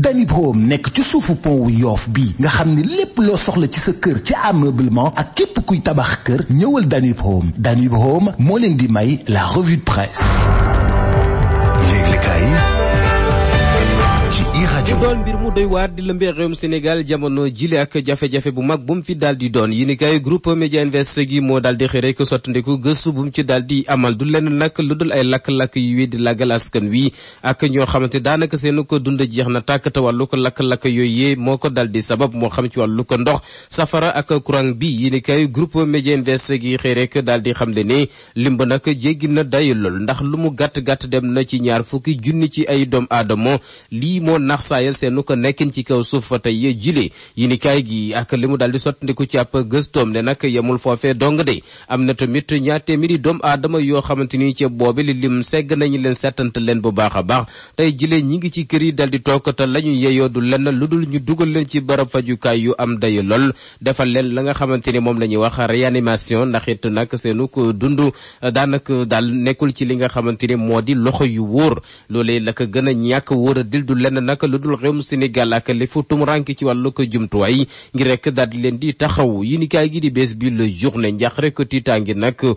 Danib Home nekk ci suufu pont wu Yoff bi nga xam ni lépp loo soxla ci sa kër ci ameublement ak képp kuy tabax kër ñëwal Danib Home Danib Home moo leen di may la revue de presse. yéeglekaay doon mbir mu doy waar di lëmbee réewum Sénégal jamono jile ak jafe-jafe bu mag bu mu fi daal di doon yi ni kay groupe Média Invest gi moo daal di xëy rek sottandiku gëstu bu ci daal di amal du lenn nag lu dul ay lakk-lakk yu wéy di laggal askan wi ak ñoo xamante daanaka seen ko dund jeex na tàkk wallu ko lakk-lakk yooyu moo ko dal di sabab moo xam ci wàllu ko ndox safara ak courant bi yi ni kay groupe Média Invest gi xëy rek daal di xam ne ne limba nag jéggi na day lool ndax lu mu gàtt gàtt dem na ci ñaar fukki junni ci ay doom aadama ñeel seenu ko nekkin ci kaw suuf tey ye jile yi ni kaay gi ak li mu daal di sottandiku ci ab gëstoom ne nag yemul foofee dong de am na tamit ñaar téeméeri doomu aadama yoo xamante ni ci boobi li lim segg nañu leen settante leen bu baax a baax tey jile ñi ngi ci kër yi daal di toog te la ñu yeyoo du lenn lu dul ñu dugal leen ci barab fajukaay yu am dayu lool defal leen la nga xamante ni moom la wax réanimation ndax it seenu ko dund daanaka daal nekkul ci li nga xamante ni moo di loxo yu wóor loolee a a réewum Sénégal ak li rek di leen gi di bees bi le journée njax rek tiitaangi na ku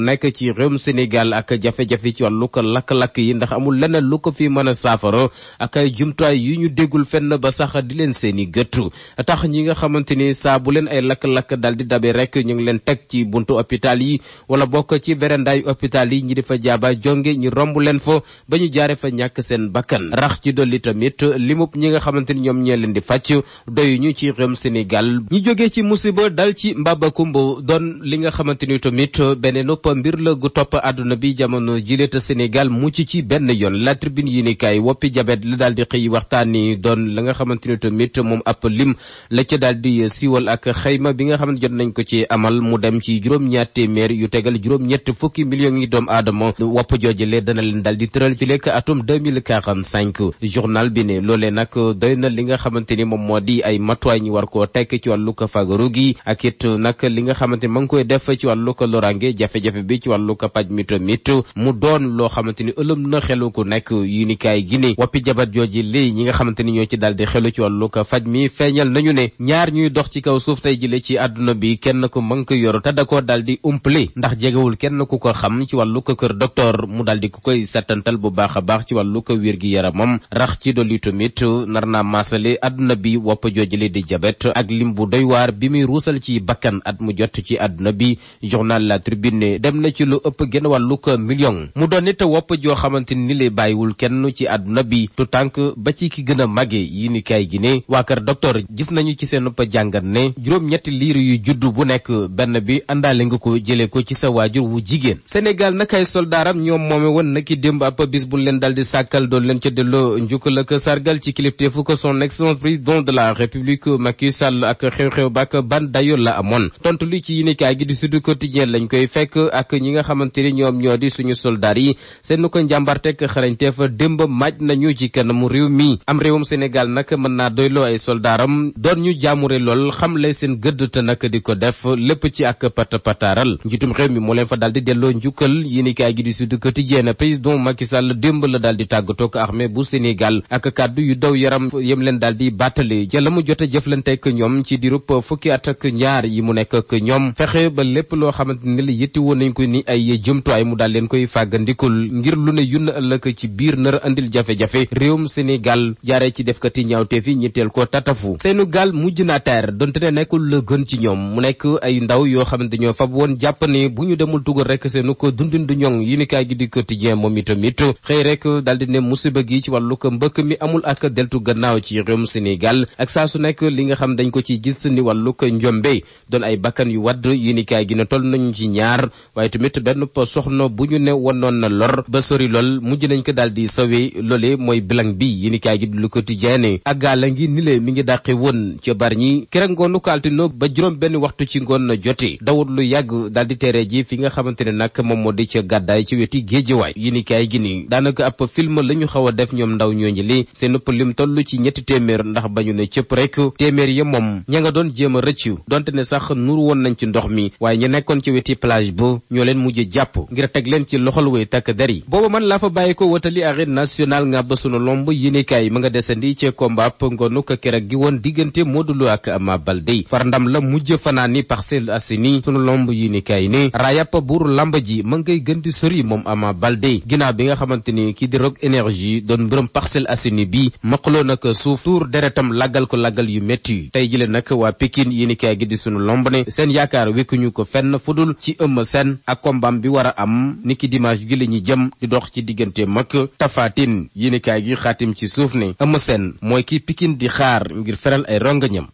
nekk ci réewum Sénégal ak jafe-jafe ci ko lakk-lakk yi ndax amul leneen lu ko fi mën a saafara ak ay jumtuwaay yu ñu déggul fenn ba sax di leen seeni a tax ñi nga xamante ni saa bu leen ay lakk-lakk daal di dabe rek ñu ngi leen teg ci buntu hôpital yi wala bokk ci berendaayu hôpital yi ñi di fa jaaba jonge ñu romb leen fa ba ñu jaare fa ñàkk seen bakkan rax ci dolli tamit limub ñi nga xamante ni ñoom ñee leen di fàcc ñu ci réewum Sénégal ñi jógee ci musiba dal ci mbabakumbu doon li nga xamante ni tamit beneen mbir la gu topp àdduna bi jamono jile senegal mucc ci benn yoon la tribune yi ni woppi jabet la daal di xëy waxtaan ni doon la nga xamante ni tamit moom ap lim la ca daal di siiwal ak xayma bi nga xam ne jot nañ ko ci amal mu dem ci juróom-ñaar téeméer yu tegal juróom-ñett fukki millions yi doom aadama wopp joojale dana leen daal di tëral fi lekk atum 2045 journal bi ne loolee nag doy na li nga xamante ni moom moo di ay matuwaay ñu war koo tekk ci wàllu ko fagaru gi ak it nag li nga xamante ni ma ngi koy def ci wàllu ko lorange jafe bi ci wàllu ko paj mito mit mu doon loo xamante ni ëlëm na xelu ko nekk yu gi ni woppi jabar jooji li ñi nga xamante ni ñoo ci daal di xelu ci wàllu ko faj mi feeñal nañu ne ñaar ñuy dox ci kaw suuf tey jile ci àdduna bi kenn ko mën ko yoru te da koo daal di umpale ndax jegewul kenn ku ko xam ci wàllu ko kër docteur mu daal di koy settantal bu baax a baax ci wàllu ko wiir gi yaramam rax tamit nar naa àdduna bi wopp joojale di jabet ak lim bu doy bi muy ruusal ci bakkan at mu jot ci àdduna bi journal La dem na ci lu ëpp genn wàllu ko million mu doon it wopp joo xamante ni lay bàyyiwul kenn ci àdduna bi tu tànk ba ci ki gën a màgge yi ni kaay gi ne waa kër docteur gis nañu ci seen ëpp jàngat ne juróom-ñetti liir yu judd bu nekk benn bi àndaale nga ko jëlee ko ci sa waajur wu jigéen Sénégal nag ay soldaaram ñoom moome woon naki démb sargal ci kilifteefu ko son la république Macky li ci yéenekaay gi di Sud Quotidien lañ koy fekk ak ñi nga xamante ni ñoom ñoo di suñu soldaar yi seen ko njàmbartek xarañteef démb maaj nañu ci kanamu réew mi am réewum Sénégal nag mën naa doyloo ay soldaaram doon ñu jaamure lool xam le seen gëdd te nag di ko def lépp ci ak pata pataaral njiitum réew mi moo leen fa daal di delloo njukkal yéenekaay gi di Sud Quotidien président Macky Sall démb la daal di tàggatoo ak armée bu Sénégal ak kàddu yu daw yaram yem leen daal di bàttali la mu jot a jëflanteek ñoom ci dirub fukki at ak ñaar yi mu nekk ak ñoom fexe ba lépp loo xamante ni la yëtti woon nañ ko ni ay jëmtuwaay mu daal leen koy fàggandikul ngir lu ne yunn ëllëg ci biir nar a andil jafe-jafe réewum Sénégal jaaree ci defkati ñu teel ko tatafu seenu gaal mujj na teer donte ne la gën ci ñoom mu nekk ay ndaw yoo xamante ñoo fab woon jàpp ni bu ñu demul tugal rek seenu ko dundin ñoŋ yi ni kaay gi di quotidien moom itamit xëy rek daal ne musiba gi ci wàllu ko mbëkk mi amul lool ak deltu gannaaw ci réewum Sénégal ak saa su nekk li nga xam dañ ko ci gis ni wàllug njombe doon ay bakkan yu wadd yu ni gi ne toll nañu ci ñaar waaye tamit benn soxna bu ñu ne wanoon na lor ba sori lool mujj nañ ko daal di sawee loolee mooy bilang bi yéen i kaay gi ko quotidien aggaa la ngi ni le mi ngi dàqe woon ca bar ñi keroog ngoonu kaaltino ba juróom benn waxtu ci ngoon na jote dawut lu yàgg daal di teere ji fi nga xamante ne nag moom moo di ca gàddaay ci weti géejewaay yéen i kaay gi ni daanaka ab film la ñu xaw a def ñoom ndaw ñooñu nopp lim toll ci ñetti téeméer ndax bañu ne cëpp rek téeméer ya moom ña nga doon jéem a rëccu donte ne sax nur woon nañ ci ndox mi waaye ñu nekkoon ci weti plage ba ñoo leen mujj jàpp ngir teg leen ci loxol way takk der booba man laa fa bàyyi ko watali arène nationale nga sunu lomb yéenekaay ma nga desandi ci combat ngoonu ko kerek gi woon diggante Modou Lo ak Ama Baldé far ndam la mujj fanaani Parcelles Assainies sunu lomb yéenekaay ne raayàpp buur lamb ji maqaloo nag suuf tuur deretam laggal ko laggal yu métti tey jile nag waa pikin yéenekaay gi di sunu lomb ne seen yaakaar wekkuñu ko fenn fudul ci Eumeu seen ak kombaam bi war a am niki dimanche gi la ñuy jëm di dox ci diggante mag tafaatin yéenekaay gi xaatim ci suuf ne Eumeu seen mooy ki pikin di xaar ngir feral ay rongañam